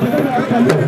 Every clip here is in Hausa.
Gracias.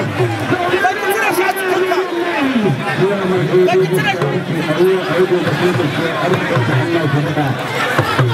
Thank you.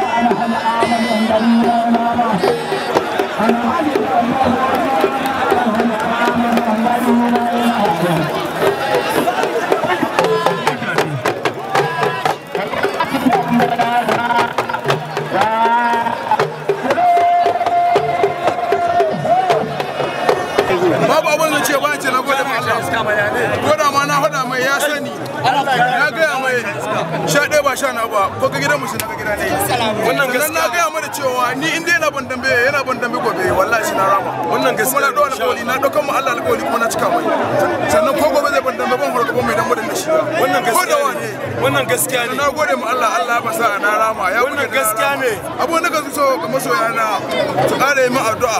babu abin da ce ba ce na gode ma Allah ko da mai ya sani na gaya mai sha ɗaya ba sha na ba ko ka gidan musu na ka gida ne wannan gaskiya na gaya mai cewa ni in dai yana ban dambe yana ban dambe gobe wallahi shi na rama wannan gaskiya kuma na ɗau alƙawari na ɗaukan mu Allah alƙawari kuma na cika mai sannan ko gobe zai ban dambe ban hurka ban mai dan mudan da shi wannan gaskiya ne wannan gaskiya ne na gode mu Allah Allah ba sa na rama ya wannan gaskiya ne abu da ka so ga masoya yana su ƙara yi mu addu'a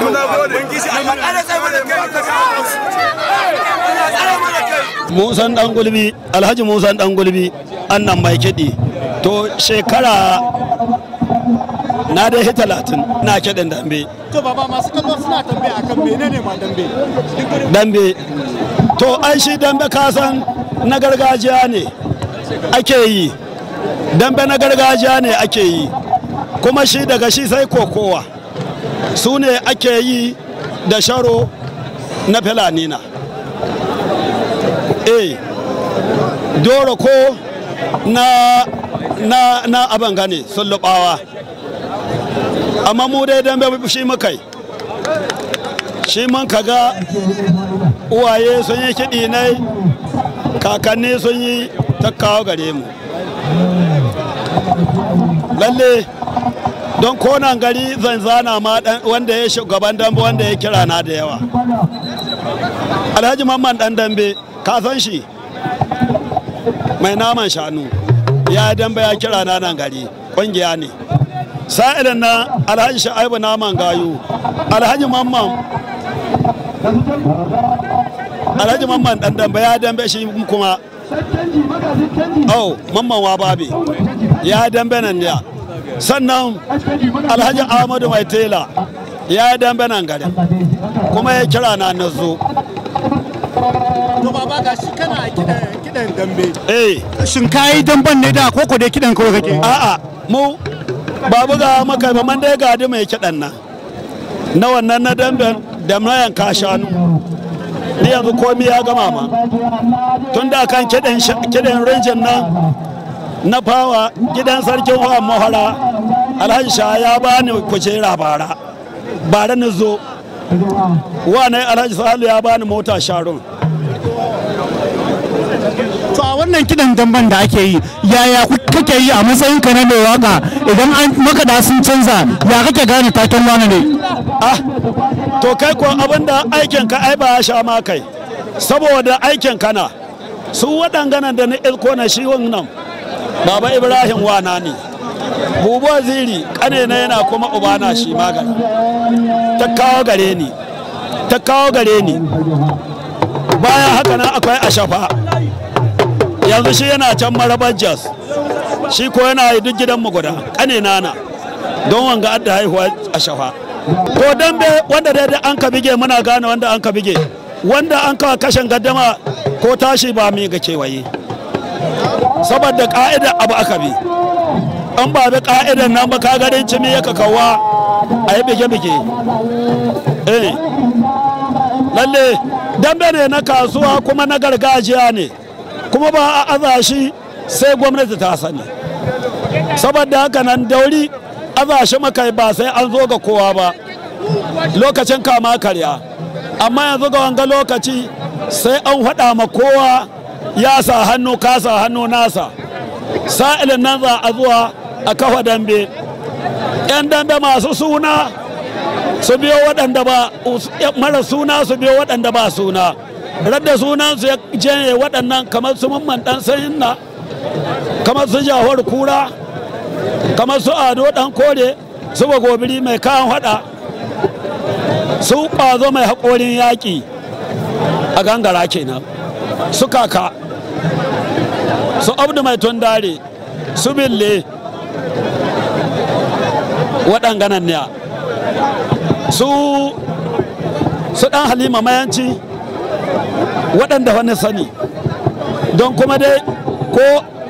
kuma na gode mun Allah ƙara sai mu da kai musan dan gulbi alhaji musan dan gulbi annan mai kiɗi to shekara na dai hi talatin na kiɗin dambe to baba masu kallo suna tambaya akan menene ma dambe dambe to ai shi dambe kasan na gargajiya ne ake yi dambe na gargajiya ne ake yi kuma shi daga shi sai kokowa su ne ake yi da sharo na filanina eh doro ko na na na aban gane sullubawa amma mu dai dan bai shi mukai shi man kaga uwaye sun yi kiɗi na kakanni sun yi takkawa gare mu lalle don konan gari zanzana zana ma wanda ya shugaban dambe wanda ya kira na da yawa alhaji mamman dan dambe ka san shi mai naman shanu ya damba ya kira na nan gari kungiya ne sa'idan na alhaji sha'ibu naman gayu alhaji mamman alhaji mamman dan damba ya dambe shi kuma oh mamman wa babe ya dambe nan da sannan alhaji ahmadu mai tela ya dambe nan gari kuma ya kira na nazo baba ga shi kana kidan dambe eh shin kai damban ne da koko dai kidan kawai kake a'a mu babu ga mai kidan nan na wannan na damben da mayan shanu, ni yanzu komi ya gama ma tun da kan kiɗan rinjin nan na fawa gidan sarkin wa mahara alhaji sha ya bani kujera bara bara na zo wa ne alhaji sahalu ya bani mota sharon wannan kidan damban da ake yi yaya kake yi a matsayin ka na mai waka idan an makada sun canza ya kake gane taken wani ne ah to kai ko abinda aikin ka ai ba ya sha ma kai saboda aikin ka kana su waɗanganan da na ilko na shi wannan baba ibrahim wana ne bubu waziri kane na yana kuma ubana shi magana ta kawo gare ni ta kawo gare ni bayan haka na akwai ashafa yanzu shi yana can marabar jas shi ko yana duk gidan mu guda kane nana don wanga adda haihuwa a shafa ko dambe wanda daidai an ka bige muna gane wanda an ka bige wanda an ka kashin gaddama ko tashi ba mai ga kewaye saboda ka'ida abu aka bi an ba bi ka'idan nan ba ka garin cimi ya kakawa a yi bige-bige eh lalle dambe ne na kasuwa kuma na gargajiya ne kuma ba a aza sai gwamnati ta sani saboda haka nan dauri aza shi makai ba sai an zo ga kowa ba lokacin kama karya amma yanzu ga wanga lokaci sai an haɗa ma kowa ya sa hannu ka sa hannu nasa sa'ilin nan za a zuwa a kafa dambe 'yan dambe masu suna su biyo waɗanda ba mara suna su biyo waɗanda ba suna radda sunansu ya jene waɗannan kamar su mamman ɗan na, kamar su jahor kura kamar su ado ɗan kore su bagobiri mai kayan haɗa su ƙwazo mai haƙorin yaƙi a gangara kenan su kaka su abdu mai tundare su bille waɗanganan ne su su ɗan halima mayanci waɗanda wani sani don kuma dai ko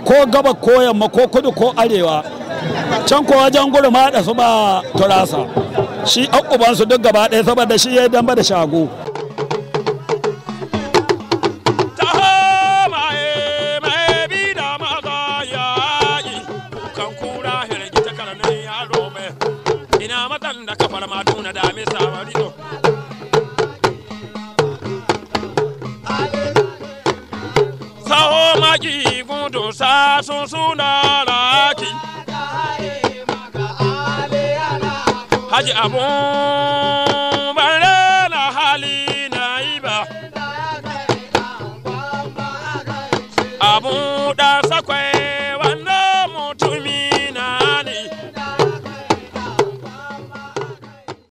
ko gaba ko yamma ko kudu ko arewa can ko wajen guri ma da su ba turasa shi an ubansu duk gaba ɗaya saboda shi ya yi damba da shago Ina da kafar maduna da me samari taho maki gudu sa sun suna raki haji abun